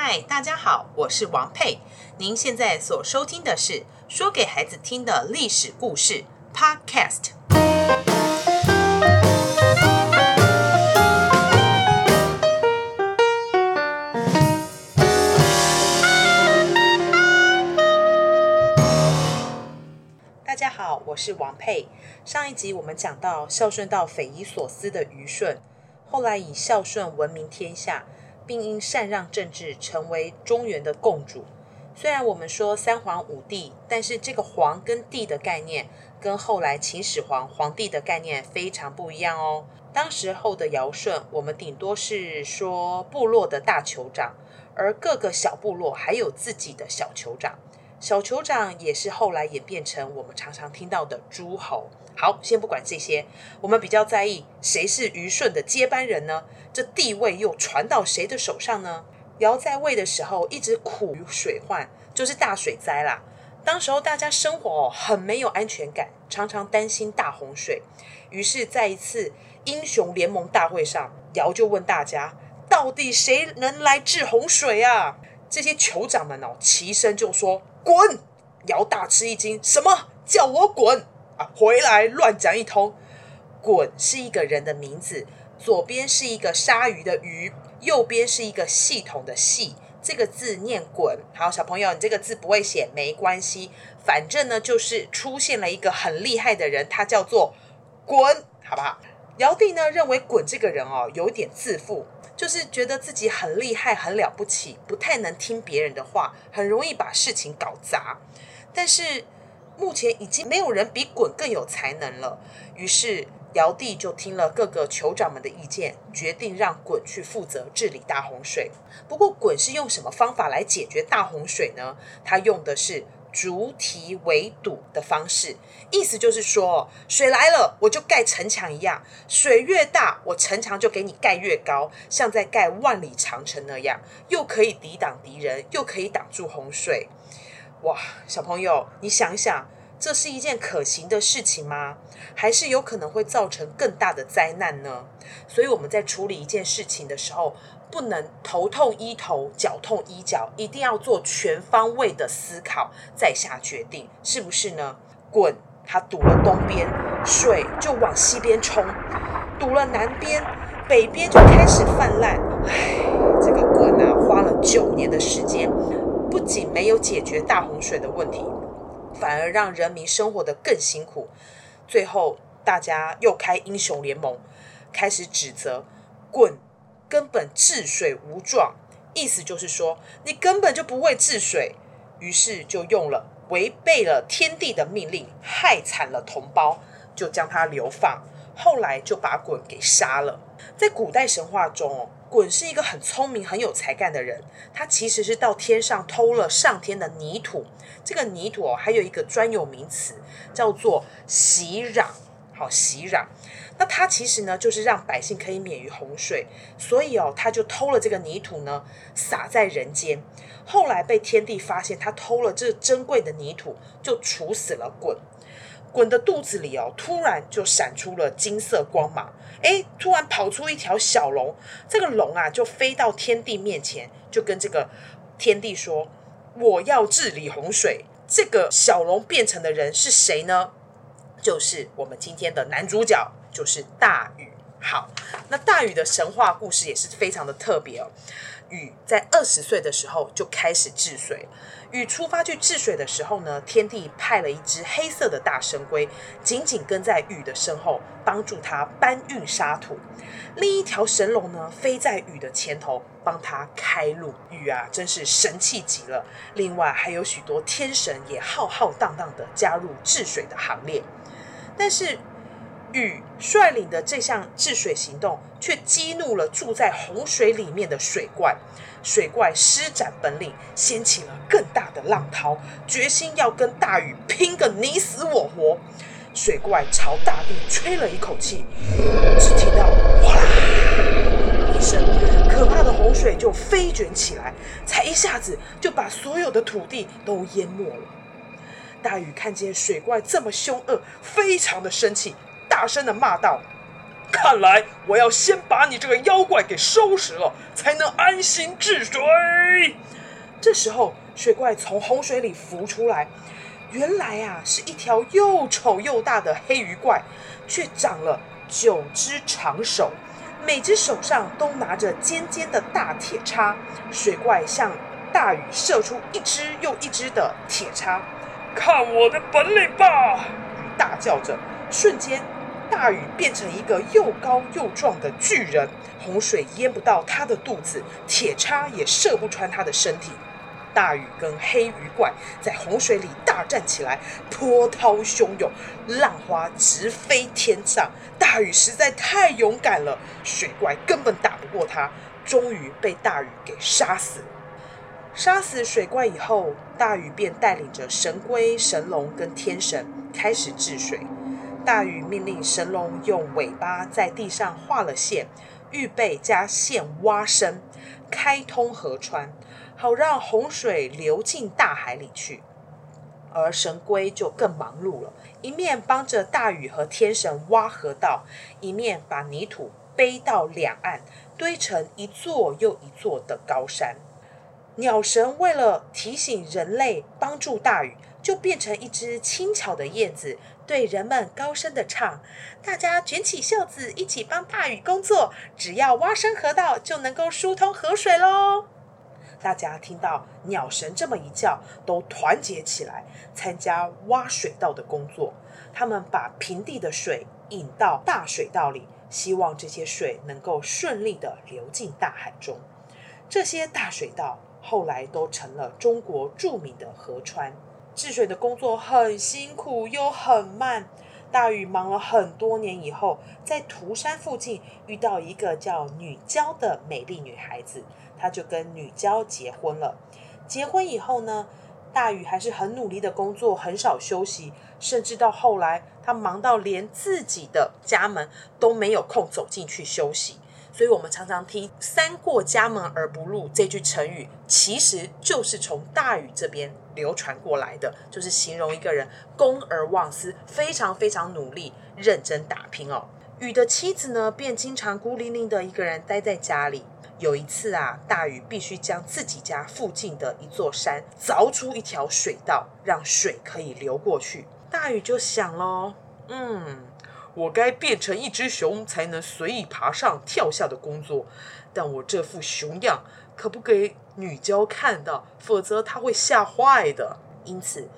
嗨，大家好，我是王佩。您現在所收聽的是《說給孩子聽的歷史故事》Podcast。大家好，我是王佩。上一集我們講到孝順到匪夷所思的虞舜，後來以孝順聞名天下。並因禪讓政治成為中原的共主。雖然我們說三皇五帝，但是這個皇跟帝的概念，跟後來秦始皇皇帝的概念非常不一樣哦。當時候的堯舜，我們頂多是說部落的大酋長，而各個小部落還有自己的小酋長，小酋長也是後來演變成我們常常聽到的諸侯。好，先不管這些，我們比較在意誰是虞舜的接班人呢？這地位又傳到誰的手上呢？堯在位的時候一直苦於水患，就是大水災啦。當時候大家生活很沒有安全感，常常擔心大洪水。於是，在一次英雄聯盟大會上，堯就問大家：到底誰能來治洪水啊？這些酋長們哦，齊聲就說：“滾！”堯大吃一驚，什麼叫我滾？啊、回來亂講一通，鯀是一個人的名字，左邊是一個鯊魚的魚，右邊是一個系統的系，這個字念鯀。好，小朋友，你這個字不會寫沒關係，反正呢就是出現了一個很厲害的人，他叫做鯀，好不好？堯帝呢認為鯀這個人哦有一點自負，就是覺得自己很厲害很了不起，不太能聽別人的話，很容易把事情搞砸，但是，目前已經沒有人比鯀更有才能了，於是堯帝就聽了各個酋長們的意見，決定讓鯀去負責治理大洪水。不過，鯀是用什麼方法來解決大洪水呢？他用的是築堤圍堵的方式，意思就是說，水來了我就蓋城牆一樣，水越大，我城牆就給你蓋越高，像在蓋萬里長城那樣，又可以抵擋敵人，又可以擋住洪水。哇，小朋友，你想想，這是一件可行的事情嗎？還是有可能會造成更大的災難呢？所以我們在處理一件事情的時候，不能頭痛醫頭、腳痛醫腳，一定要做全方位的思考再下決定，是不是呢？鯀，他堵了東邊，水就往西邊衝；堵了南邊，北邊就開始氾濫。唉，這個鯀啊，花了九年的時間。不僅沒有解決大洪水的問題，反而讓人民生活得更辛苦。最後，大家又開英雄聯盟，開始指責鯀，根本治水無狀。意思就是說，你根本就不會治水。於是就用了違背了天帝的命令，害慘了同胞，就將他流放。後來就把鯀給殺了。在古代神話中，哦，鯀是一個很聰明、很有才幹的人。他其實是到天上偷了上天的泥土。這個泥土哦，還有一個專有名詞叫做“息壤”，好，息壤。那他其實呢，就是讓百姓可以免於洪水。所以哦，他就偷了這個泥土呢，撒在人間。後來被天帝發現，他偷了這珍貴的泥土，就處死了鯀。鯀的肚子裡哦，突然就閃出了金色光芒。誒，突然跑出一條小龍，這個龍啊就飛到天帝面前，就跟這個天帝說：“我要治理洪水。”這個小龍變成的人是誰呢？就是我們今天的男主角，就是大禹。好，那大禹的神話故事也是非常的特別哦。禹在二十歲的時候就開始治水。禹出發去治水的時候呢，天帝派了一隻黑色的大神龜，緊緊跟在禹的身後，幫助他搬運沙土。另一條神龍呢，飛在禹的前頭，幫他開路。禹啊，真是神氣極了！另外還有許多天神也浩浩蕩蕩的加入治水的行列。但是禹率領的這項治水行動，卻激怒了住在洪水裡面的水怪。水怪施展本領，掀起了更大的浪濤，決心要跟大禹拼個你死我活。水怪朝大地吹了一口氣，只聽到嘩啦一聲，可怕的洪水就飛捲起來，才一下子就把所有的土地都淹沒了。大禹看見水怪這麼兇惡，非常的生氣。大聲地罵道：“看來我要先把你這個妖怪給收拾了，才能安心治水。”這時候，水怪從洪水裡浮出來，原來啊，是一條又醜又大的黑魚怪，卻長了九隻長手，每隻手上都拿着尖尖的大鐵叉。水怪向大禹射出一隻又一隻的鐵叉，“看我的本領吧！”大叫着，瞬間。大禹變成一個又高又壯的巨人，洪水淹不到他的肚子，鐵叉也射不穿他的身體。大禹跟黑魚怪在洪水裡大戰起來，波濤洶湧，浪花直飛天上。大禹實在太勇敢了，水怪根本打不過他，終於被大禹給殺死。殺死水怪以後，大禹便帶領着神龜、神龍跟天神開始治水。大禹命令神龍用尾巴在地上畫了線，預備加線挖深，開通河川，好讓洪水流進大海裡去。而神龜就更忙碌了，一面幫着大禹和天神挖河道，一面把泥土背到兩岸，堆成一座又一座的高山。鳥神為了提醒人類幫助大禹，就變成一隻輕巧的燕子。對人們高聲地唱，大家捲起袖子一起幫大禹工作。只要挖深河道，就能夠疏通河水嘍。大家聽到鳥神這麼一叫，都團結起來參加挖水道的工作。他們把平地的水引到大水道裡，希望這些水能夠順利地流進大海中。這些大水道後來都成了中國著名的河川。治水的工作很辛苦又很慢，大禹忙了很多年以後，在塗山附近遇到一個叫女嬌的美麗女孩子，他就跟女嬌結婚了。結婚以後呢，大禹還是很努力的工作，很少休息，甚至到後來他忙到連自己的家門都沒有空走進去休息。所以，我們常常聽“三過家門而不入”這句成語，其實就是從大禹這邊流傳過來的，就是形容一個人公而忘私，非常非常努力、認真打拼哦。禹的妻子呢，便經常孤零零的一個人待在家裡。有一次啊，大禹必須將自己家附近的一座山鑿出一條水道，讓水可以流過去。大禹就想嘍，嗯。我該變成一隻熊，才能隨意爬上跳下的工作。但我這副熊樣可不給女嬌看到，否則她會嚇壞的。因此，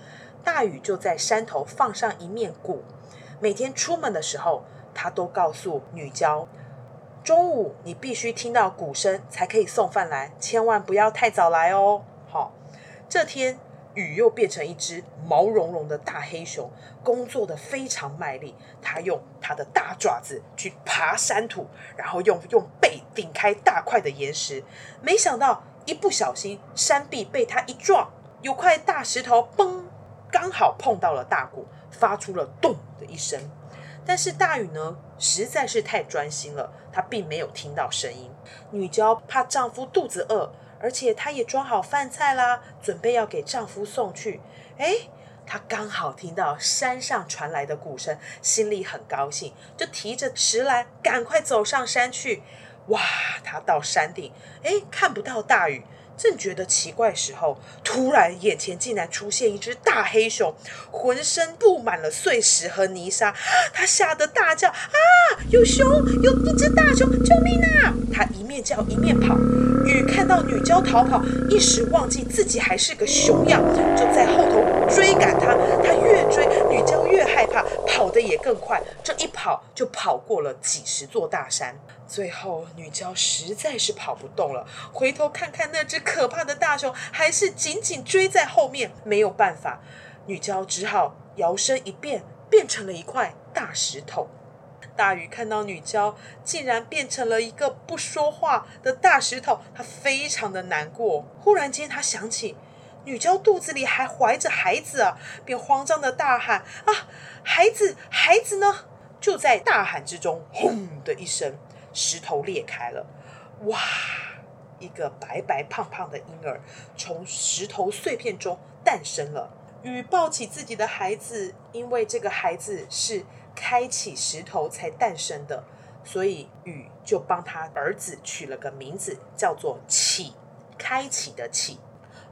大禹就在山頭放上一面鼓，每天出門的時候，他都告訴女嬌：中午你必須聽到鼓聲才可以送飯來，千萬不要太早來哦。好、哦，這天。禹又變成一隻毛茸茸的大黑熊，工作的非常賣力。它用它的大爪子去爬山土，然後用用背頂開大塊的岩石。沒想到一不小心，山壁被它一撞，有塊大石頭嘣，剛好碰到了大鼓，發出了咚的一聲。但是大禹呢，實在是太專心了，他並沒有聽到聲音。女嬌怕丈夫肚子餓。而且她也裝好飯菜啦，準備要給丈夫送去。哎、欸，她剛好聽到山上傳來的鼓聲，心裡很高興，就提着食籃趕快走上山去。哇，她到山頂，哎、欸，看不到大禹。正覺得奇怪時候，突然眼前竟然出現一隻大黑熊，渾身布滿了碎石和泥沙，他嚇得大叫：“啊，有熊！有一隻大熊，救命啊！”他一面叫一面跑。禹看到女嬌逃跑，一時忘記自己還是個熊樣，就在後頭追趕他。他越追，女嬌越害怕，跑得也更快。這一跑就跑過了幾十座大山。最後，女嬌實在是跑不動了，回頭看看那隻可怕的大熊，還是緊緊追在後面。沒有辦法，女嬌只好搖身一變，變成了一塊大石頭。大禹看到女嬌竟然變成了一個不說話的大石頭，他非常的難過。忽然間，他想起女嬌肚子裡還懷着孩子啊，便慌張的大喊：“啊，孩子，孩子呢？”就在大喊之中，轟的一聲。石頭裂開了，哇！一個白白胖胖的嬰兒從石頭碎片中誕生了。禹抱起自己的孩子，因為這個孩子是開啟石頭才誕生的，所以禹就幫他兒子取了個名字，叫做啟，開啟的啟。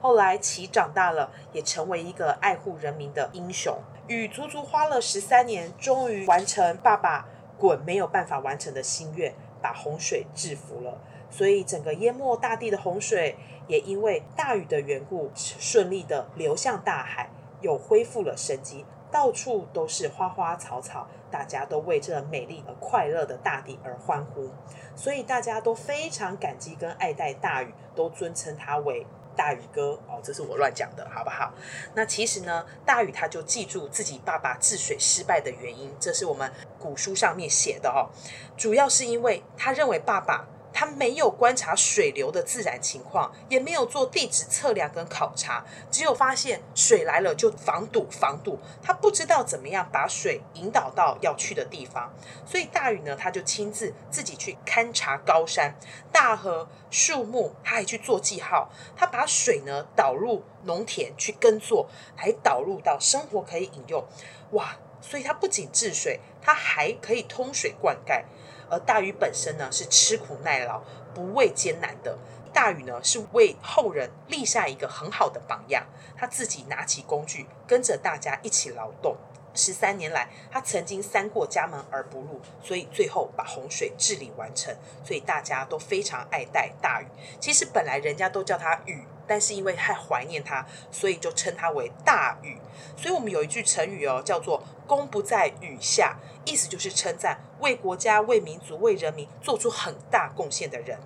後來啟長大了，也成為一個愛護人民的英雄。禹足足花了十三年，終於完成爸爸鯀沒有辦法完成的心願。把洪水制服了，所以整個淹沒大地的洪水也因為大禹的緣故，順利地流向大海，又恢復了生機，到處都是花花草草，大家都為這美麗而快樂的大地而歡呼，所以大家都非常感激跟愛戴大禹，都尊稱他為大禹哥哦，這是我亂講的好不好？那其實呢，大禹他就記住自己爸爸治水失敗的原因，這是我們。古書上面寫的哦，主要是因為他認為爸爸他沒有觀察水流的自然情況，也沒有做地質測量跟考察，只有發現水來了就防堵防堵，他不知道怎麼樣把水引導到要去的地方，所以大禹呢，他就親自自己去勘察高山、大河、樹木，他還去做記號，他把水呢導入農田去耕作，還導入到生活可以飲用，哇。所以它不僅治水，它還可以通水灌溉。而大禹本身呢，是吃苦耐勞、不畏艱難的。大禹呢，是為後人立下一個很好的榜樣。他自己拿起工具，跟着大家一起勞動。十三年來，他曾經三過家門而不入，所以最後把洪水治理完成。所以大家都非常愛戴大禹。其實本來人家都叫他禹。但是因為太懷念他，所以就稱他為大禹。所以我們有一句成語哦，叫做“功不在禹下”，意思就是稱讚為國家、為民族、為人民做出很大貢獻的人。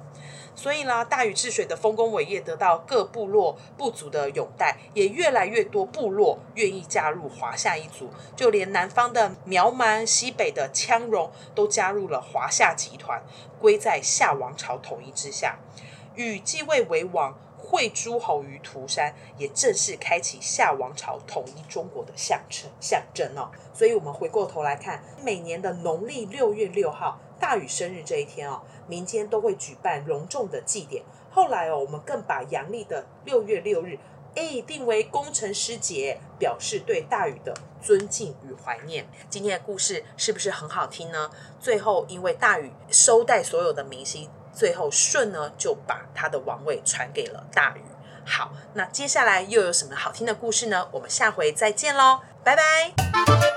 所以呢，大禹治水的豐功偉業得到各部落部族的擁戴，也越來越多部落願意加入華夏一族。就連南方的苗蠻、西北的羌戎都加入了華夏集團，歸在夏王朝統一之下。禹繼位為王。會諸侯於塗山，也正式開啟夏王朝統一中國的象徵象徵哦。所以，我們回過頭來看，每年的農曆六月六號，大禹生日這一天哦，民間都會舉辦隆重的祭典。後來哦，我們更把陽曆的六月六日，哎，定為工程師節，表示對大禹的尊敬與懷念。今天的故事是不是很好聽呢？最後，因為大禹收帶所有的民心。最後呢，舜呢就把他的王位傳給了大禹。好，那接下來又有什麼好聽的故事呢？我們下回再見嘍，拜拜。